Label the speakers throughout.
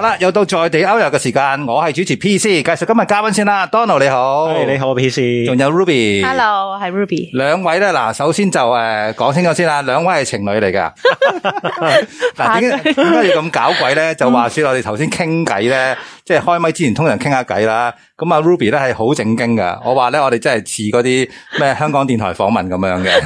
Speaker 1: 好啦，又到在地 Out 遊嘅時間，我係主持 P C，介紹今日嘉賓先啦，Donald 你好，你好 P C，仲有 Ruby，Hello，我係 Ruby，兩位咧嗱，首先就誒講清楚先啦，兩位係情侶嚟噶，
Speaker 2: 嗱點解要咁
Speaker 1: 搞鬼咧？就話說我哋頭先傾偈咧， 即係開麥之前通常傾下偈啦。咁啊 Ruby 咧係好正經嘅，我話咧我哋真係似嗰啲咩香港電台訪問咁樣嘅。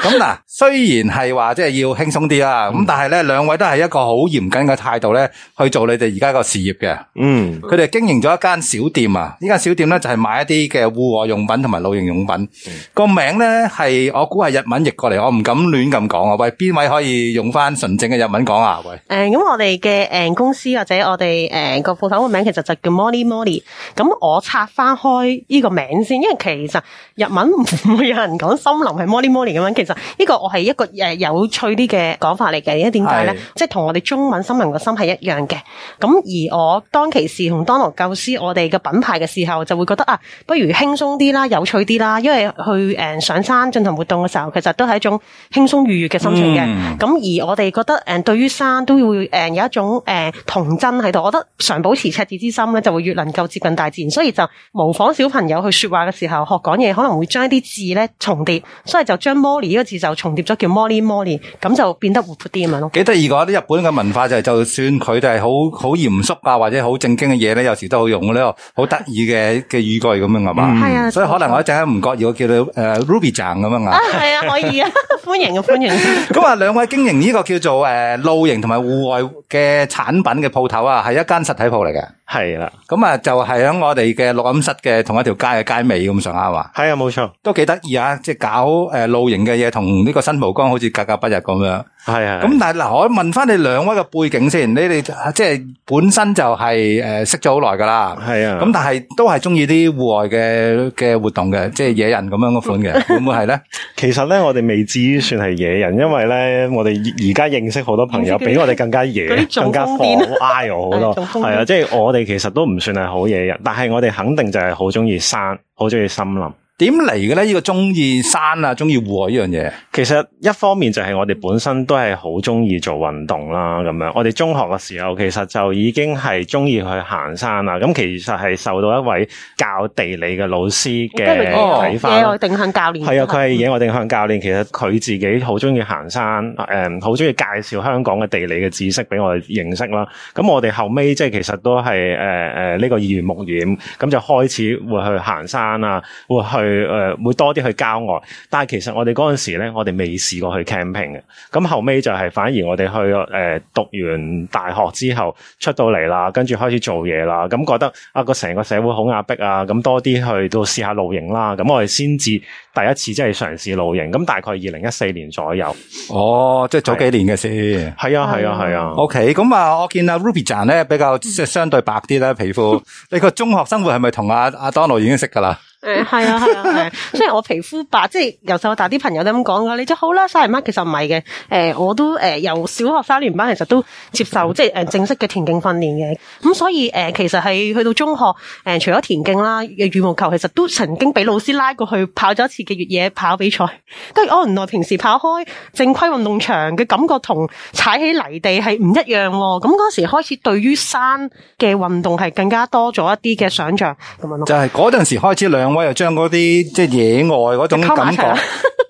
Speaker 1: 咁嗱，雖然係話即係要輕鬆啲啦，咁但係咧兩位都係一個好嚴謹嘅態度咧，去做你哋而家個事業嘅。嗯，佢哋經營咗一間小店啊，呢間小店咧就係賣一啲嘅戶外用品同埋露營用品。個名咧係我估係日文譯過嚟，我唔敢亂咁講啊。喂，邊位可以用翻純正嘅日文講啊？喂，
Speaker 2: 誒咁我哋嘅誒公司或者我哋誒個鋪頭個名其實就叫 Mori Mori。咁我拆翻開呢個名先，因為其實日文唔會有，有人講森林係 Morimori 咁樣。其實呢個我係一個誒有趣啲嘅講法嚟嘅，而家點解咧？是即係同我哋中文森林個森係一樣嘅。咁而我當其時同 Donald 構思我哋嘅品牌嘅時候，就會覺得啊，不如輕鬆啲啦，有趣啲啦。因為去誒上山進行活動嘅時候，其實都係一種輕鬆愉悅嘅心情嘅。咁、嗯、而我哋覺得誒對於山都會誒有一種誒童真喺度。我覺得常保持赤子之心咧，就會越能夠接近大自然。所以。就模仿小朋友去說話嘅時候，學講嘢可能會將一啲字咧重疊，所以就將 Mori 呢個字就重疊咗，叫 Mori Mori，咁就變得活潑啲咪咯。幾得意
Speaker 1: 噶，啲日本嘅文化就係、是、就算佢哋係好好嚴肅啊，或者好正經嘅嘢咧，有時都好用呢咯，好得意嘅嘅語句咁樣係嘛。係、嗯、啊，所以可能我一陣間唔覺意，我叫到誒、呃、Ruby 醬咁樣啊。啊，係啊，可
Speaker 2: 以啊， 歡迎啊，歡迎、
Speaker 1: 啊。咁 啊，兩位經營呢個叫做誒露營同埋戶外嘅產品嘅鋪頭啊，係一間實體鋪嚟嘅。係啦，咁啊就係喺我哋嘅錄音室嘅同一條街嘅街尾咁上下話，係啊冇錯，都幾得意啊！即係搞誒露營嘅嘢，同呢個新蒲崗好似格格不入咁樣，係啊。咁但係嗱，我問翻你兩位嘅背景先，你哋即係本身就係誒識咗好耐噶啦，係啊。咁但係都係中意啲戶外嘅嘅活動嘅，
Speaker 3: 即係野人咁樣嘅款嘅，會唔會係咧？其實咧，我哋未至於算係野人，因為咧，我哋而家認識好多朋友，比我哋更加野，更加放，I 我好多，係啊，即係我哋其實都唔算係好野人，但係我哋肯定就係好鍾意山，好鍾意森林。點嚟嘅咧？呢個中意山啊，中意戶外呢樣嘢。其實一方面就係我哋本身都係好中意做運動啦。咁樣，我哋中學嘅時候其實就已經係中意去行山啦。咁其實係受到一位教地理嘅老師嘅睇法，野外、哦、
Speaker 2: 定向教練係啊，佢係野外
Speaker 3: 定向教練。其實佢自己好中意行山，誒、嗯，好中意介紹香港嘅地理嘅知識俾我哋認識啦。咁我哋後尾即係其實都係誒誒呢個耳濡目染，咁就開始會去行山啊，會去。誒，會多啲去郊外，但係其實我哋嗰陣時咧，我哋未試過去 camping 嘅。咁後尾就係反而我哋去誒、呃、讀完大學之後出到嚟啦，跟住開始做嘢啦，咁覺得啊個成個社會好壓迫啊，咁多啲去到試下露營啦。咁我哋先至第一次即係嘗試露營，咁大概二零一四年左右。哦，即係早幾年嘅先。係啊，係啊，係啊。OK，咁啊，我見阿 Ruby Chan 咧比較即係相
Speaker 1: 對白啲咧皮膚。 你個中學生活係咪同阿阿 Donald 已經識噶啦？
Speaker 2: 誒、 嗯，係啊，係啊，係、啊。雖然、啊、我皮膚白，即係由細到大啲朋友都咁講噶，你就好啦。曬日媽，其實唔係嘅。誒、呃，我都誒、呃、由小學三年班其實都接受即係誒正式嘅田徑訓練嘅。咁、嗯、所以誒、呃、其實係去到中學誒、呃、除咗田徑啦，羽毛球其實都曾經俾老師拉過去跑咗一次嘅越野跑比賽。跟住我原來平時跑開正規運動場嘅感覺同踩起泥地係唔一樣喎。咁嗰時開始對於山嘅運動係更加多咗一啲嘅想象咁樣咯。就
Speaker 1: 係嗰陣時開始兩。我又將嗰啲即係野外嗰種感覺，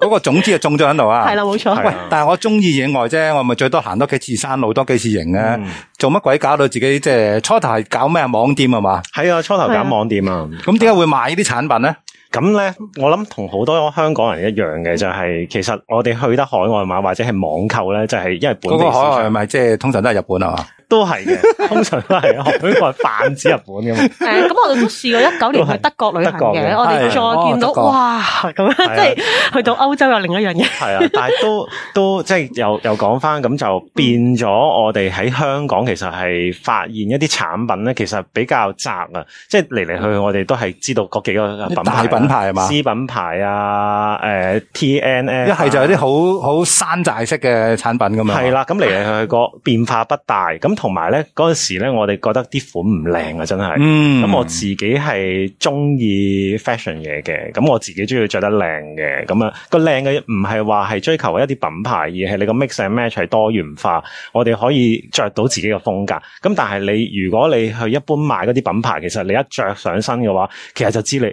Speaker 1: 嗰個種子就種咗喺度啊！係啦，冇錯。喂，但係我中意野外啫，我咪最多行多幾次山路，多幾次營啊！做乜鬼搞到自己？即係初頭係
Speaker 3: 搞咩？網店係嘛？係啊，初頭搞網店啊！咁點解會買呢啲產品咧？咁咧，我諗同好多香港人一樣嘅，就係其實我哋去得海外買或者係網購咧，就係因為本地嗰個海外係咪即係通常都係日本啊嘛？都係嘅，通常都係啊，學邊個係泛指日本咁。嘛、嗯。
Speaker 2: 咁我哋都試過一九年去德國旅行嘅，我哋再見到、哦，哇！咁即係去到歐洲有另一樣嘢。係啊，
Speaker 3: 但係都都即係又又講翻咁就變咗，我哋喺香港其實係發現一啲產品咧，其實比較窄啊！即係嚟嚟去去，我哋都係知道嗰幾個品牌大品牌啊嘛？C 品牌啊，誒 T N N，一係就有啲好好山寨式嘅產品咁樣。係啦，咁嚟嚟去去個、啊、變化不大咁。同埋咧，嗰陣時咧，我哋覺得啲款唔靚啊，真係。嗯。咁我自己係中意 fashion 嘢嘅，咁我自己中意着得靚嘅。咁啊，個靚嘅唔係話係追求一啲品牌，而係你個 mix and match 係多元化，我哋可以着到自己嘅風格。咁但係你如果你去一般買嗰啲品牌，其實你一着上身嘅話，其實就知你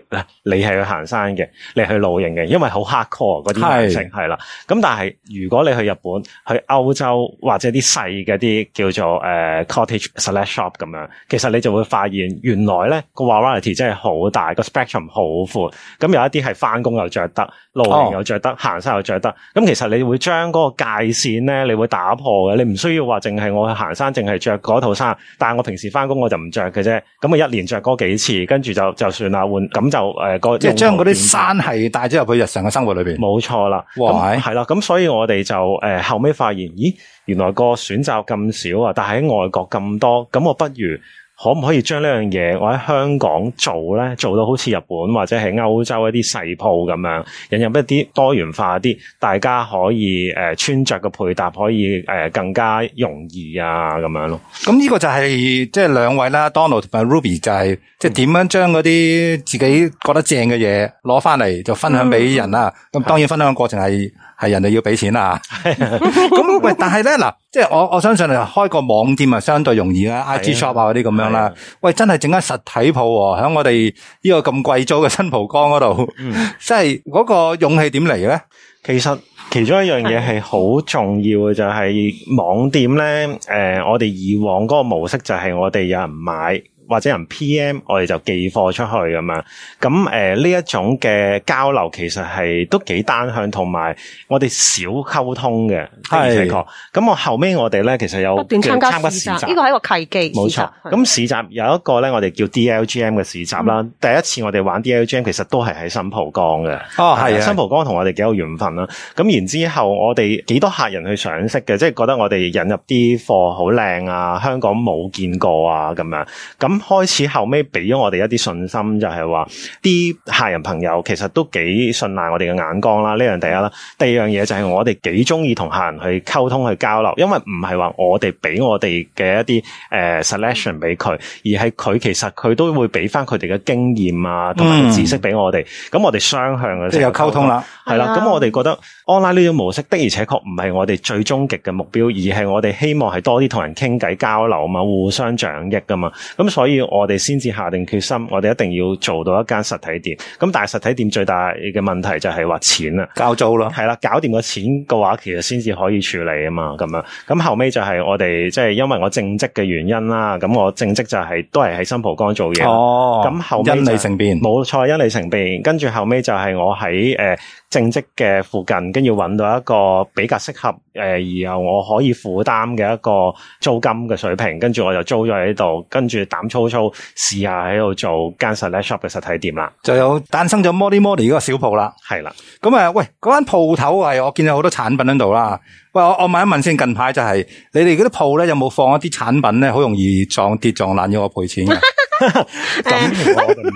Speaker 3: 你係去行山嘅，你去露營嘅，因為好 hardcore 嗰啲性係啦。咁但係如果你去日本、去歐洲或者啲細嘅啲叫做誒。Uh, 誒，cottage slash shop 咁樣，其實你就會發現原呢，原來咧個 variety 真係好大，個 spectrum 好闊，咁有一啲係翻工又着得，露營又着得，行山又着得，咁其實你會將嗰個界線咧，你會打破嘅，你唔需要話淨係我行山淨係着嗰套衫，但係我平時翻工我就唔着嘅啫，咁啊一年着嗰幾次，跟住就就算啦，換咁就誒個、呃、即係將嗰啲山係帶咗入去日常嘅生活裏邊，冇錯啦，咁係啦，咁所以我哋就誒、呃、後尾發現，咦？原來個選擇咁少啊，但係喺外國咁多，咁我不如可唔可以將呢樣嘢我喺香港做咧，做到好似日本或者係歐洲一啲細鋪咁樣，引入一啲多元化啲，大家可以誒、呃、穿着嘅配搭可以誒、呃、更加容易啊咁樣咯。咁呢個就係即係兩位啦
Speaker 1: ，Donald 同埋 Ruby 就係即係點樣將嗰啲自己覺得正嘅嘢攞翻嚟就分享俾人啦。咁、嗯、當然分享嘅過程係。係人哋要俾錢啦、啊，咁 喂，但係咧嗱， 即係我我相信你開個網店啊，相對容易啦，I G shop 啊嗰啲咁樣啦，喂，真係整間實體鋪喺、啊、我哋呢個咁貴租嘅新蒲崗嗰度，嗯、即
Speaker 3: 係嗰、嗰個勇氣點嚟咧？其實其中一樣嘢係好重要嘅，就係網店咧，誒、呃，我哋以往嗰個模式就係我哋有人買。或者人 PM，我哋就寄貨出去咁樣。咁呃、呢一種嘅交流其實係都幾單向，同埋我哋少溝通嘅，係正確。咁我後尾我哋咧，其實有不斷參加市集，呢個
Speaker 2: 係一個契機，冇錯。
Speaker 3: 咁市集有一個咧，我哋叫 DLGM 嘅市集啦、嗯。第一次我哋玩 DLGM，其實都係喺新蒲崗嘅。哦，係新蒲崗同我哋幾有緣分啦。咁然之後我，我哋幾多客人去賞識嘅，即係覺得我哋引入啲貨好靚啊，香港冇見過啊咁樣。咁開始後尾俾咗我哋一啲信心就，就係話啲客人朋友其實都幾信賴我哋嘅眼光啦。呢樣第一啦，第二樣嘢就係我哋幾中意同客人去溝通去交流，因為唔係話我哋俾我哋嘅一啲誒、呃、selection 俾佢，而係佢其實佢都會俾翻佢哋嘅經驗啊同埋知識俾我哋。咁、嗯、我哋雙向嘅即係有溝通啦，係啦。咁、嗯、我哋覺得 online 呢種模式的而且確唔係我哋最終極嘅目標，而係我哋希望係多啲同人傾偈交流啊嘛，互相掌益噶嘛。咁所以。所以我哋先至下定決心，我哋一定要做到一間實體店。咁但係實體店最大嘅問題就係話錢啊，交租咯。係啦，搞掂個錢嘅話，其實先至可以處理啊嘛。咁樣，咁後尾就係我哋即係因為我正職嘅原因啦。咁我正職就係、是、都係喺新蒲崗做嘢。哦，咁後尾，因利乘便冇錯，因利乘便，跟住後尾就係我喺誒正職嘅附近，跟住揾到一個比較適合誒然、呃、後我可以負擔嘅一個租金嘅水平，跟住我就租咗喺度，跟住膽粗粗粗試下喺度做間實呢 shop 嘅實體店啦，
Speaker 1: 就有誕生咗 Morimori Morimori 呢個小鋪啦，係啦。咁啊，喂，嗰間鋪頭係我見到好多產品喺度啦。喂，我我問一問先、就是，近排就係你哋嗰啲鋪咧有冇放一啲產品咧，好容易撞跌撞爛要我賠錢嘅？
Speaker 2: 啊 uh, 喂，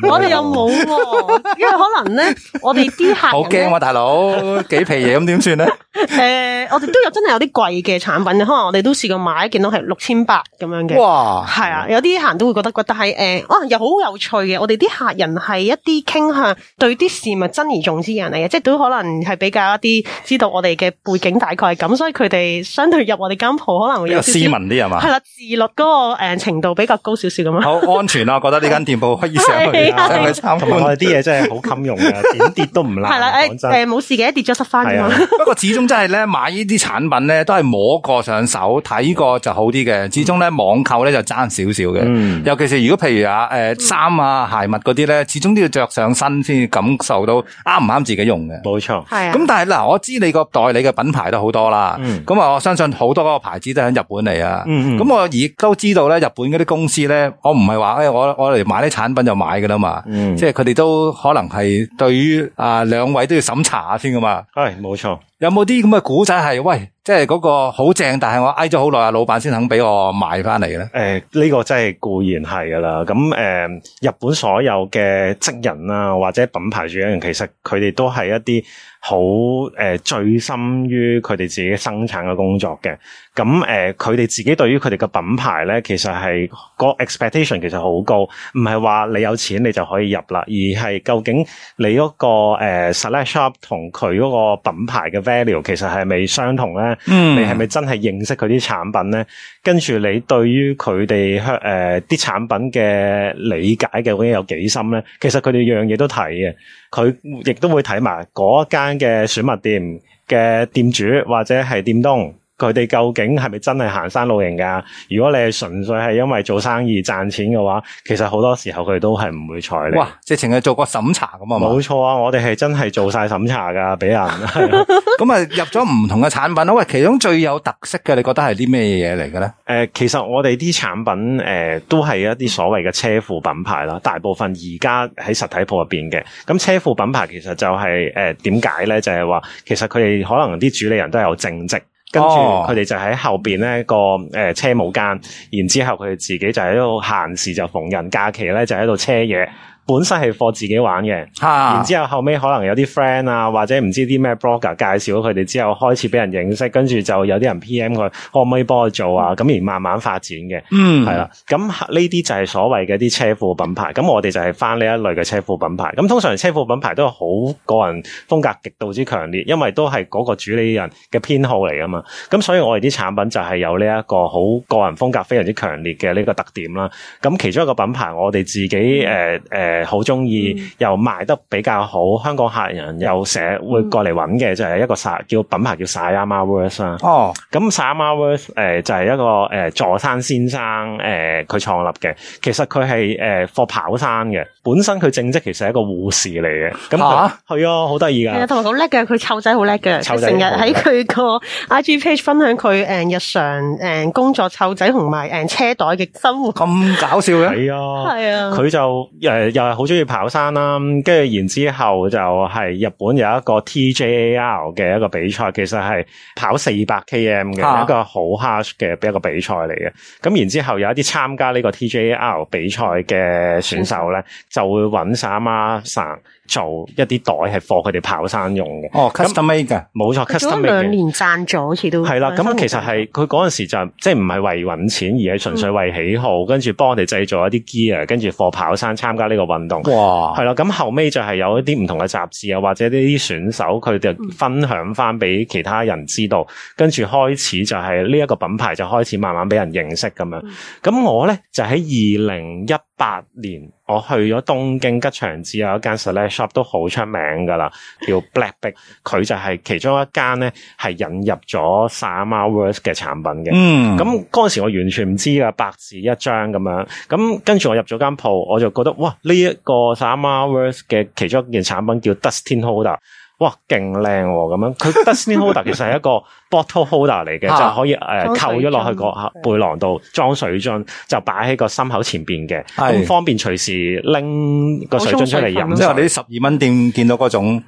Speaker 2: 我我哋又冇， 因為可能咧， 我哋啲客好驚嘛，大
Speaker 1: 佬 幾皮嘢咁點算
Speaker 2: 咧？誒，uh, 我哋都有真係有啲貴嘅產品，可能我哋都試過買一件都係六千八咁樣嘅。哇，係啊，有啲客人都會覺得覺得係誒，能、uh, 啊、又好有趣嘅。我哋啲客人係一啲傾向對啲事物珍而重之人嚟嘅，即、就、係、是、都可能係比較一啲知道我哋嘅背景大概係咁，所以佢哋相對入我哋間鋪可能會有斯文啲係嘛？係啦、啊，自律嗰個誒程度比較高少少咁啊，好安
Speaker 1: 全 我覺得呢間店鋪可以上去、啊，同埋、啊啊啊啊啊、我哋啲嘢真係好
Speaker 3: 襟用㗎。點
Speaker 1: 跌都唔難。啦、啊，誒、欸、
Speaker 2: 冇、欸、事嘅，跌咗執返。不
Speaker 1: 過始終真係咧，買呢啲產品咧，都係摸過上手、睇過就好啲嘅。始終咧，網購咧就爭少少嘅。尤其是如果譬如啊衫、呃、啊鞋物嗰啲咧，始終都要着上身先感受到啱唔啱自己用嘅。冇錯，啊、嗯。咁但係嗱，我知你個代理嘅品、嗯、品牌都好多啦。咁、嗯、啊、嗯，我相信好多嗰個牌子都喺日本嚟啊。咁我亦都知道咧，日本嗰啲公司咧，我唔係話誒我。我我嚟買啲產品就買噶啦嘛、嗯，即係佢哋都可能係對於啊兩位都要審查下先噶嘛，係冇錯。有冇啲咁嘅古仔係喂，即係嗰個
Speaker 3: 好正，但係我挨咗好耐啊，老闆先肯俾我買翻嚟咧？誒、欸，呢、這個真係固然係噶啦。咁誒、呃，日本所有嘅職人啊或者品牌主人，其實佢哋都係一啲好誒，醉心於佢哋自己生產嘅工作嘅。咁誒，佢、呃、哋自己對於佢哋嘅品牌咧，其實係、那個 expectation 其實好高，唔係話你有錢你就可以入啦，而係究竟你嗰、那個誒 select shop 同佢嗰個品牌嘅。其實係咪相同咧？嗯、你係咪真係認識佢啲產品咧？跟住你對於佢哋誒啲產品嘅理解究竟有幾深咧？其實佢哋樣嘢都睇嘅，佢亦都會睇埋嗰一間嘅選物店嘅店主或者係店東。佢哋究竟係咪真係行山露營噶？如果你係純粹係因為做生意賺錢嘅話，其實好多時候佢都係唔會睬你。哇！即係淨係做個審查咁啊？冇錯啊！我哋係真係做晒審查噶，畀人。咁啊，入咗唔同嘅產品。喂，其中最有特色嘅，你覺得係啲咩嘢嚟嘅咧？誒、呃，其實我哋啲產品誒、呃，都係一啲所謂嘅車庫品牌啦。大部分而家喺實體鋪入邊嘅咁車庫品牌其、就是呃就是，其實就係誒點解咧？就係話其實佢哋可能啲主理人都有正職。跟住佢哋就喺後邊咧個誒、呃、車務間，然之後佢哋自己就喺度閒時就縫紉假期咧就喺度車嘢。本身係貨自己玩嘅，然之後後尾可能有啲 friend 啊，或者唔知啲咩 blogger 介紹咗佢哋之後，開始俾人認識，跟住就有啲人 PM 佢，可唔可以幫我做啊？咁而慢慢發展嘅，係、嗯、啦。咁呢啲就係所謂嘅啲車庫品牌。咁我哋就係翻呢一類嘅車庫品牌。咁通常車庫品牌都係好個人風格極度之強烈，因為都係嗰個主理人嘅偏好嚟啊嘛。咁所以我哋啲產品就係有呢一個好個人風格非常之強烈嘅呢個特點啦。咁其中一個品牌，我哋自己誒誒。嗯呃好中意，又賣得比較好，嗯、香港客人又成日會過嚟搵嘅，嗯、就係一個叫品牌叫晒阿媽 works 啊。哦，咁晒阿媽 works 誒，就係、是、一個誒座山先生誒，佢、呃、創立嘅。其實佢係誒貨跑山嘅，本身佢正職其實係一個護士嚟嘅。咁係啊，好得意噶，係啊，
Speaker 2: 同埋好叻嘅，佢湊仔好叻嘅，成日喺佢個 IG page 分享佢誒日常誒工作、湊仔同埋誒車袋嘅生活。咁搞笑嘅，係
Speaker 3: 啊，係啊，佢就誒。誒，好中意跑山啦，跟住然之後就係日本有一個 TJAR 嘅一個比賽，其實係跑四百 KM 嘅一個好 hard 嘅一個比賽嚟嘅。咁然之後有一啲參加呢個 TJAR 比賽嘅選手咧，就會揾晒阿媽散做一啲袋係 for 佢哋跑山用嘅。哦，custom made 嘅，冇錯，custom made 嘅。咁兩年
Speaker 2: 賺咗，好似都係啦。咁其實
Speaker 3: 係佢嗰陣時就係、即係唔係為揾錢，而係純粹為喜好，跟、嗯、住幫我哋製造一啲 gear，跟住 for 跑山參加呢個運動。哇！係啦，咁後尾就係有一啲唔同嘅雜誌啊，或者呢啲選手佢哋分享翻俾其他人知道，跟、嗯、住開始就係呢一個品牌就開始慢慢俾人認識咁樣。咁、嗯、我咧就喺二零一八年。我去咗東京吉祥寺，有一間 select shop 都好出名㗎啦，叫 Black Big 佢 就係其中一間咧，係引入咗 Samara Worth 嘅產品嘅。嗯，咁嗰陣時我完全唔知啊，白字一張咁樣，咁跟住我入咗間鋪，我就覺得哇，呢、這、一個 Samara Worth 嘅其中一件產品叫 Dustin Holder。哇，勁靚喎！咁樣佢 Dustin Holder 其實係一個 bottle holder 嚟嘅，啊，就可以誒扣咗落去個背囊度裝水樽，就擺喺個心口前面嘅，咁方便隨時拎個水樽出嚟飲。即係啲十二蚊店見到嗰種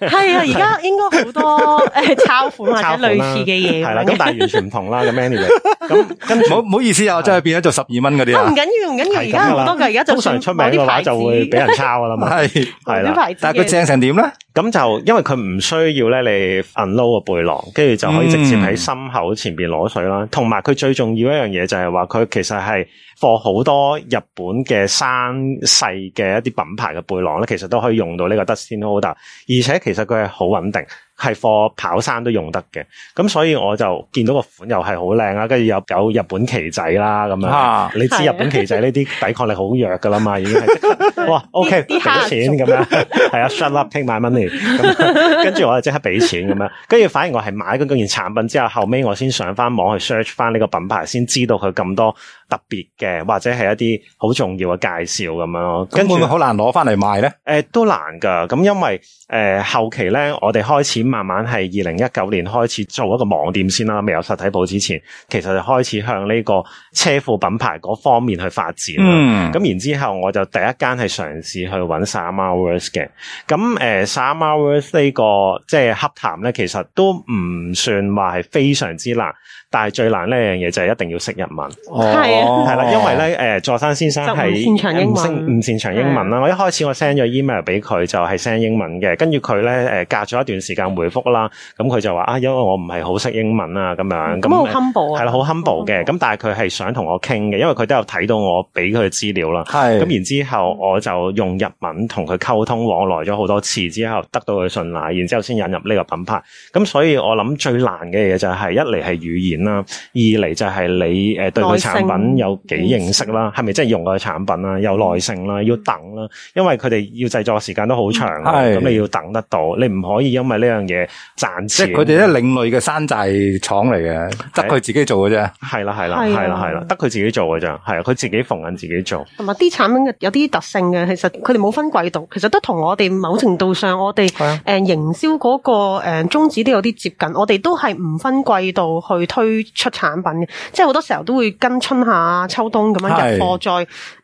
Speaker 2: 係啊！而、就、家、是 啊、應該好多誒抄、呃、 款或者類似嘅嘢
Speaker 1: 係啦，咁、啊、但係完全唔同啦。咁 Many 嚟咁，唔好唔好意思啊，真係變咗做十二蚊嗰啲啦。唔
Speaker 2: 緊要，唔緊要，而家好多噶，而家就通常出名嘅話就會俾人抄
Speaker 3: 噶啦嘛。係係啦，但係佢正成點咧？咁 就因為，佢唔需要咧，你 unload 個背囊，跟住就可以直接喺心口前邊攞水啦。同埋佢最重要一樣嘢，就係話，佢其實，係。貨好多日本嘅山細嘅一啲品牌嘅背囊咧，其實都可以用到呢個 Dustin Holder，而且其實佢係好穩定，係貨跑山都用得嘅。咁所以我就見到個款又係好靚啦，跟住又有日本旗仔啦咁樣。吓、啊，你知日本旗仔呢啲抵抗力好弱噶啦嘛、啊，已經係、啊、哇。OK，俾錢咁的樣，係 啊，十粒聽萬蚊嚟。
Speaker 2: 咁跟住
Speaker 3: 我就即刻俾錢咁樣，跟住反而我係買緊嗰件產品之後，後尾我先上翻網去 search 翻呢個品牌，先知道佢咁多。特別嘅或者係一啲好重要嘅介紹咁樣咯，咁會唔會好難攞翻嚟賣咧？誒、欸，都難噶，咁因為誒、呃、後期咧，我哋開始慢慢係二零一九年開始做一個網店先啦，未有實體鋪之前，其實就開始向呢個車庫品牌嗰方面去發展。嗯，咁然之後我就第一間係嘗試去搵薩瑪沃斯嘅，咁誒薩瑪沃斯呢個即係洽談咧，其實都唔算話係非常之難，但係最難呢樣嘢就係一定要識日文。哦哦係 啦，因為咧，誒、呃，座山先生係唔擅唔、呃、擅、擅長英文啦。我一開始我 send 咗 email 俾佢，就係、是、send 英文嘅。跟住佢咧，誒，隔咗一段時間回覆啦。咁、嗯、佢就話啊，因為我唔係好識英文啊，咁樣咁，係、嗯、啦，好 humble 嘅。咁、嗯、但係佢係想同我傾嘅，因為佢都有睇到我俾佢資料啦。係。咁然之後，我就用日文同佢溝通往來咗好多次之後，得到佢信賴，然之後先引入呢個品牌。咁所以我諗最難嘅嘢就係、是、一嚟係語言啦，二嚟就係你誒對佢產品。有幾認識啦，係咪真係用佢嘅產品啦？有耐性啦，要等啦，因為佢哋要製作時間都好長，咁你要等得到，你唔可以因為呢樣嘢賺錢。即係佢哋一另類嘅山寨廠嚟嘅，得佢自己做嘅啫。係啦係啦係啦係啦，得佢自己做嘅啫。係啊，佢自己縫緊自己做。
Speaker 2: 同埋啲產品有啲特性嘅，其實佢哋冇分季度，其實都同我哋某程度上我哋誒營銷嗰個誒宗旨都有啲接近。我哋都係唔分季度去推出產品嘅，即係好多時候都會跟春夏，啊，秋冬咁樣入貨，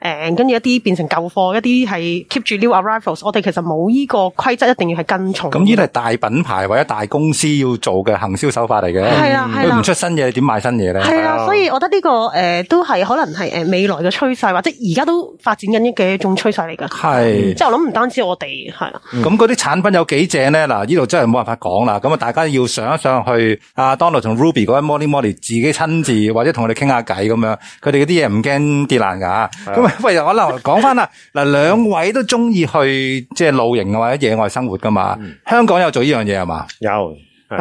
Speaker 2: 再誒跟住一啲變成舊貨，一啲係 keep 住 new arrivals。我哋其實冇呢個規則，一定要係跟從。咁呢
Speaker 1: 啲係大品牌或者大公司要做嘅行銷手法嚟嘅。係啊係啦，唔、啊、出新嘢，點賣新嘢咧？係啊,啊，所以我
Speaker 2: 覺得呢、這個誒、呃、都係可能係誒未來嘅趨勢，或者而家都發展緊嘅一種趨勢嚟嘅。係，即係我諗唔單止我哋係啊。
Speaker 1: 咁嗰啲產品有幾正咧？嗱，呢度真係冇辦法講啦。咁啊，大家要上一上去 Donald 同 Ruby 嗰位 Morimori 自己親自或者同佢哋傾下偈咁樣。佢哋嗰啲嘢唔驚跌爛噶，咁啊，喂，可能講翻啦，嗱，兩位都中意去即係露營或者野外生活噶嘛？嗯、香港有做呢樣嘢係嘛？有，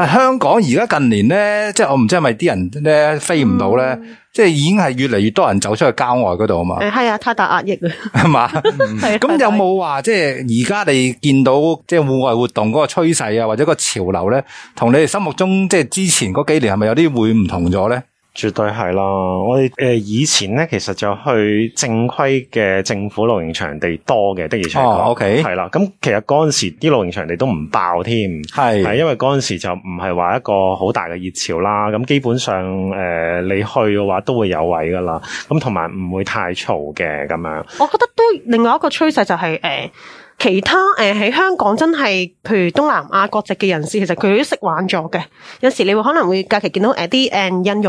Speaker 1: 香港而家近年咧，即係我唔知係咪啲人咧飛唔到咧，嗯、即係已經係越嚟越多人走出去郊外嗰度啊嘛。
Speaker 2: 係啊，太大壓抑啊，係嘛、 嗯？咁有冇
Speaker 1: 話即係而家你見到即係戶外活動嗰個趨勢啊，或者個潮流咧，同你哋心目中即係之前嗰幾年係咪有啲會唔同
Speaker 3: 咗咧？絕對係啦，我哋誒、呃、以前咧，其實就去正規嘅政府露營場地多嘅。的而且確哦，OK，係啦。咁其實嗰陣時啲露營場地都唔爆添，係、mm. 係因為嗰陣時就唔係話一個好大嘅熱潮啦。咁基本上誒、呃，你去嘅話都會有位噶啦，咁同埋唔會太嘈嘅咁樣。
Speaker 2: 我覺得都另外一個趨勢就係、是、誒。呃其他誒喺、呃、香港真係，譬如東南亞國籍嘅人士，其實佢都識玩咗嘅。有時你會可能會假期見到誒啲誒印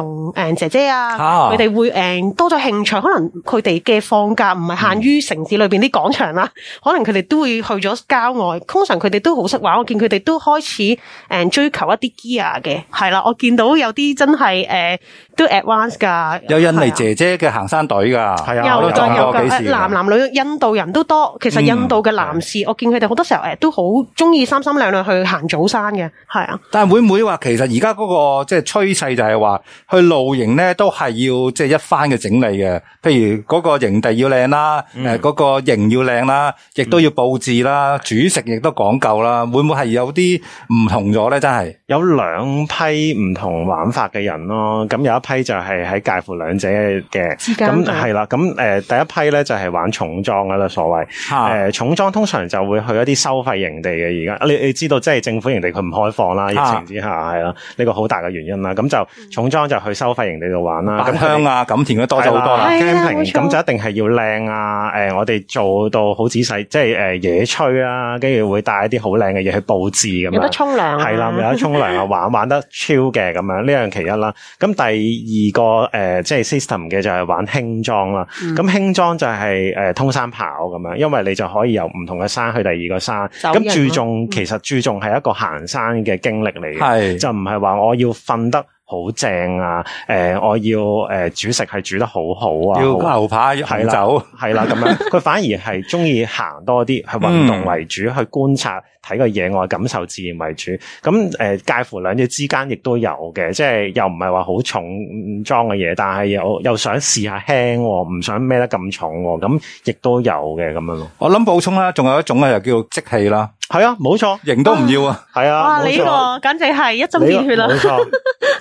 Speaker 2: 傭姐姐啊，佢、oh. 哋會誒、嗯、多咗興趣，可能佢哋嘅放假唔係限於城市裏面啲廣場啦、啊，mm. 可能佢哋都會去咗郊外。通常佢哋都好識玩，我見佢哋都開始誒、嗯、追求一啲 gear 嘅。係啦，我見到有啲真係誒。呃都 advance 噶，有
Speaker 1: 印尼姐姐嘅行山隊噶，係啊，有噶有噶，男男
Speaker 2: 女印度人都多。其實印度嘅男士，我見佢哋好多時候誒，都好中意三三兩兩去行早山嘅，係啊。
Speaker 1: 但係會唔會話，其實而家嗰個即係趨勢就係話，去露營咧都係要即係一番嘅整理嘅。譬如嗰個營地要靚啦，誒嗰個營要靚啦，亦都要布置啦，煮食亦都講究啦。會唔會
Speaker 3: 係有啲唔同咗咧？真係有兩批唔同玩法嘅人咯。咁有。批就係喺介乎兩者嘅，咁係啦，咁誒第一批咧就係、嗯嗯、玩重裝嘅啦，所謂誒、啊呃、重裝通常就會去一啲收費營地嘅，而家你你知道即係政府營地佢唔開放啦、啊，疫情之下係啦，呢、這個好大嘅原因啦，咁、嗯、就重裝就去收費營地度玩啦，咁香啊，咁田嗰多咗好多啦，咁就一定係要靚啊，誒、呃、我哋做到好仔細，即係誒野炊啊，跟住會帶一啲好靚嘅嘢去佈置咁樣，有得沖
Speaker 2: 涼、啊，係啦，有得沖涼啊，
Speaker 3: 玩玩得超嘅。咁樣，呢樣其一啦，咁、嗯、第。第二個誒、呃，即係 system 嘅就係玩輕裝啦。咁輕裝就係、是、誒、呃、通山跑咁樣，因為你就可以由唔同嘅山去第二個山。咁、啊、注重、嗯、其實注重係一個行山嘅經歷嚟嘅，係、就唔係話我要瞓得，好正啊！誒、呃，我要誒、呃、煮食係煮得好好啊，要牛扒、肉酒，係啦咁樣。佢反而係中意行多啲，去運動為主，嗯、去觀察睇個野外，我感受自然為主。咁誒、呃、介乎兩者之間，亦都有嘅，即係又唔係話好重、嗯、裝嘅嘢，但係又又想試下輕，唔想孭得咁重，咁亦都有嘅咁樣咯。
Speaker 1: 我諗補充啦、啊，仲有一種啊，又叫做積氣啦。係啊，冇錯，型都唔要啊，係啊，啊，哇，冇錯，你個
Speaker 2: 簡直係一針見血啦，這個，沒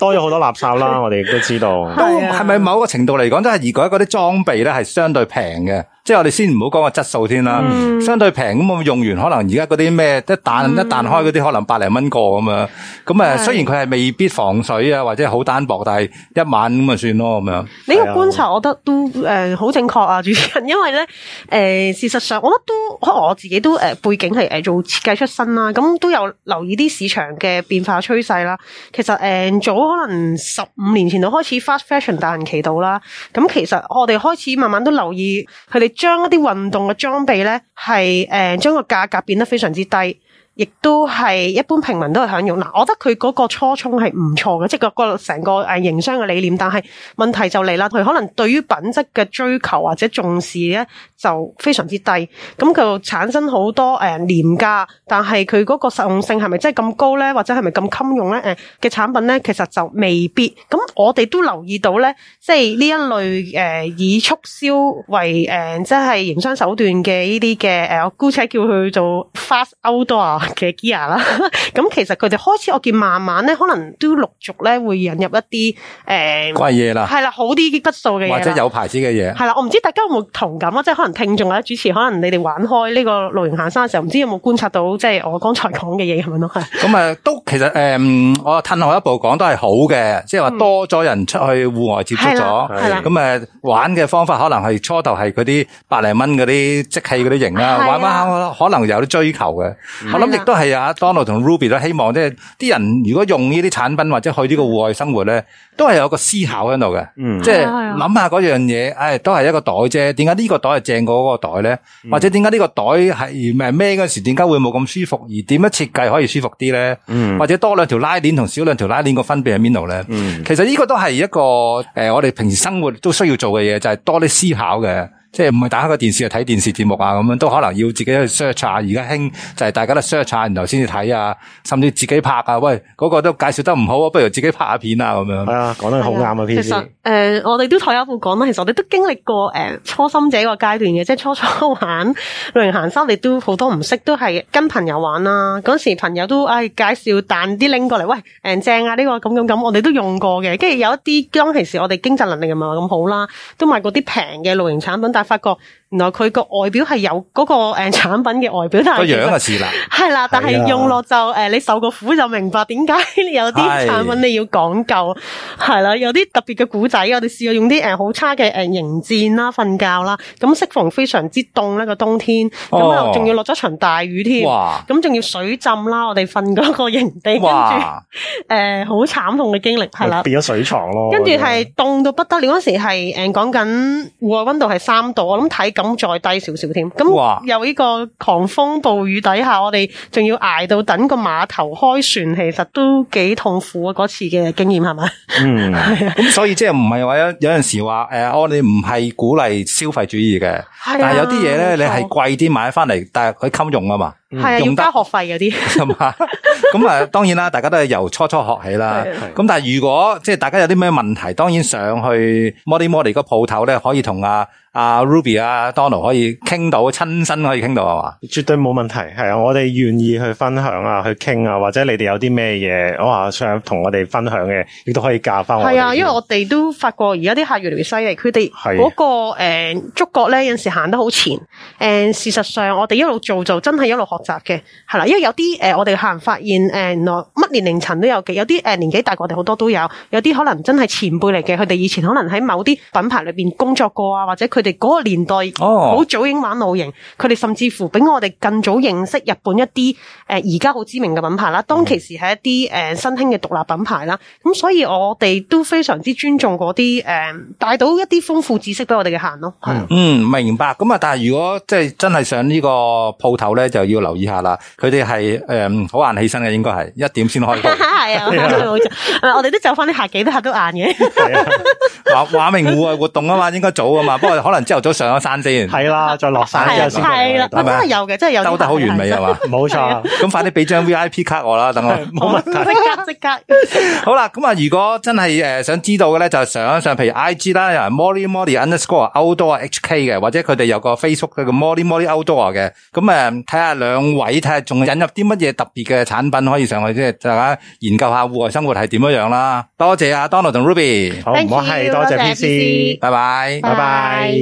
Speaker 1: 多咗好多垃圾啦， 我哋都知道，係 咪、啊、某一個程度嚟講，真係而家嗰啲裝備呢係相對平嘅。即係我哋先唔好講個質素先啦，嗯，相對平，咁我用完可能而家嗰啲咩一彈、嗯、一彈開嗰啲可能百零蚊個咁樣咁啊，雖然佢係未必防水啊，或者好單薄，但係一晚咁啊，算咯咁樣。你個觀察
Speaker 2: 我覺得都誒好、呃、正確啊，主持人，因為咧誒、呃、事實上我覺得都可能我自己都誒、呃、背景係誒做設計出身啦，啊，咁都有留意啲市場嘅變化趨勢啦。其實誒、呃、早可能十五年前就開始 fast fashion 大行其道啦，咁其實我哋開始慢慢都留意佢哋。將一啲運動嘅裝備咧，係誒將個價格變得非常之低。亦都係一般平民都係享用嗱、啊，我覺得佢嗰個初衷係唔錯嘅，即係個個成個誒營商嘅理念。但係問題就嚟啦，佢可能對於品質嘅追求或者重視咧就非常之低，咁佢產生好多誒廉價，但係佢嗰個實用性係咪真係咁高咧，或者係咪咁襟用咧？誒嘅產品咧，其實就未必。咁我哋都留意到咧，即係呢一類誒以促銷為誒即係營商手段嘅呢啲嘅誒，我姑且叫佢做 fast outdoor。嘅 gear 啦，咁其實佢哋開始我見慢慢咧，可能都陸續咧會引入一啲誒貴嘢啦，啦、嗯，好啲嘅質素嘅，或者有
Speaker 1: 牌子嘅嘢，啦，
Speaker 2: 我唔知大家有冇同感啊？即係可能聽眾或者主持，可能你哋玩開呢個露營行山嘅時候，唔知有冇觀察到即係、就是、我剛才講嘅嘢係咪咯？咁啊，
Speaker 1: 都、嗯、其實誒、嗯，我褪後一步講都係好嘅，即係話多咗人出去戶外接觸咗，咁、嗯、啊，玩嘅方法可能係初頭係嗰啲百零蚊嗰啲即棄嗰啲型啦，玩玩可能有啲追求嘅，我諗亦都係阿 Donald 同 Ruby 都希望即係啲人如果用呢啲產品或者去呢個戶外生活咧，都係有個思考喺度嘅。嗯，即係諗下嗰樣嘢，唉、哎，都係一個袋啫。點解呢個袋係正過嗰個袋咧、嗯？或者點解呢個袋係唔係孭嗰時點解會冇咁舒服？而點樣設計可以舒服啲咧？嗯，或者多兩條拉鏈同少兩條拉鏈個分別喺邊度咧？其實呢個都係一個誒、呃，我哋平時生活都需要做嘅嘢，就係、是、多啲思考嘅。即係唔係打開個電視啊，睇電視節目啊，咁樣都可能要自己去 search 下。而家興就係大家都 search 下，然後先至睇啊，甚至自己拍啊。喂，嗰、那個都介紹得唔好，啊，不如自己拍下片啊，咁樣。係、哎、啊，講得好
Speaker 2: 啱啊。其實誒、呃，我哋都退一步講啦，其實我哋都經歷過誒、呃、初心者個階段嘅，即係初初玩露營行山，我哋都好多唔識，都係跟朋友玩啦。嗰時朋友都誒、哎、介紹彈啲拎過嚟，喂，誒正啊呢、這個咁咁咁，我哋都用過嘅。跟住有一啲當其時我哋經濟能力又唔係咁好啦，都買過啲平嘅露營產品，發覺，原來佢個外表係有嗰個誒產品嘅外表，但係個樣係似啦，係 啦。但係用落就誒、呃，你受過苦就明白點解你有啲產品你要講究係啦。有啲特別嘅古仔，我哋試過用啲誒好差嘅誒營帳啦、瞓覺啦。咁適逢非常之凍咧個冬天，咁啊仲要落咗場大雨添，咁仲要水浸啦。我哋瞓嗰個營地跟住誒好慘痛嘅經歷係啦，變
Speaker 3: 咗水床咯。跟住係
Speaker 2: 凍到不得了嗰時係誒講緊戶外溫度係三度我諗睇咁再低少少添，咁由呢個狂風暴雨底下，我哋仲要挨到等個碼頭開船，其實都幾痛苦啊！嗰次嘅經驗係咪？嗯，
Speaker 1: 咁 所以即係唔係話有有陣時話誒、呃，我哋唔係鼓勵消費主義嘅、啊，但係有啲嘢咧，你係貴啲買翻嚟，但係佢襟用啊嘛，係、嗯、要交
Speaker 2: 學費嗰啲。咁
Speaker 1: 啊，咁、嗯、當然啦，大家都係由初初學起啦。咁、啊啊、但係如果即係大家有啲咩問題，當然上去 Morimori 個鋪頭咧，可以同阿。阿、啊、Ruby 啊，Donald 可
Speaker 3: 以傾到，親身可以傾到係嘛？絕對冇問題，係啊！我哋願意去分享啊，去傾啊，或者你哋有啲咩嘢，我話想同我哋分享嘅，亦都可以教翻我。係啊，因為我
Speaker 2: 哋都發覺而家啲客越嚟越犀利，佢哋嗰個誒觸角咧，有陣時行得好前。誒、嗯，事實上我哋一路做就，真係一路學習嘅，係啦。因為有啲誒、嗯，我哋客人發現誒，乜、嗯、年齡層都有嘅，有啲誒、嗯、年紀大過我哋好多都有，有啲可能真係前輩嚟嘅，佢哋以前可能喺某啲品牌裏邊工作過啊，或者佢。佢哋嗰個年代好早已經玩露營，佢哋甚至乎比我哋更早認識日本一啲誒，而家好知名嘅品牌啦。當其時係一啲誒新興嘅獨立品牌啦，咁所以我哋都非常之尊重嗰啲誒，帶到一啲豐富知識俾我哋嘅客咯。係，嗯，
Speaker 1: 明白。咁啊，但係如果即係真係上呢個鋪頭咧，就要留意一下啦。佢哋係誒好晏起身嘅，應該係一點先開。係 啊，
Speaker 2: 我哋都走翻啲客，幾多客都晏嘅。
Speaker 1: 係啊，華華明戶外活動啊嘛，應該早啊嘛，不過可能朝頭早上咗山先，係啦，再落山之後先係，真係有嘅，真係有。兜得好完美係嘛？冇錯，咁、啊、 快啲俾張 V I P 卡我啦，等我。好嘛，即刻即刻。刻好啦，咁啊，如果真係誒想知道嘅咧，就上一上，譬如 I G 啦，有人 Morimori underscore Outdoor H K 嘅，或者佢哋有個 Facebook 嘅 Morimori Outdoor 嘅，咁啊睇下兩位睇下仲引入啲乜嘢特別嘅產品可以上去即係大家研究下戶外生活係點樣樣啦。多謝阿、啊、Donald 同 Ruby，好唔好？係多謝 P C，拜拜，拜拜。Bye bye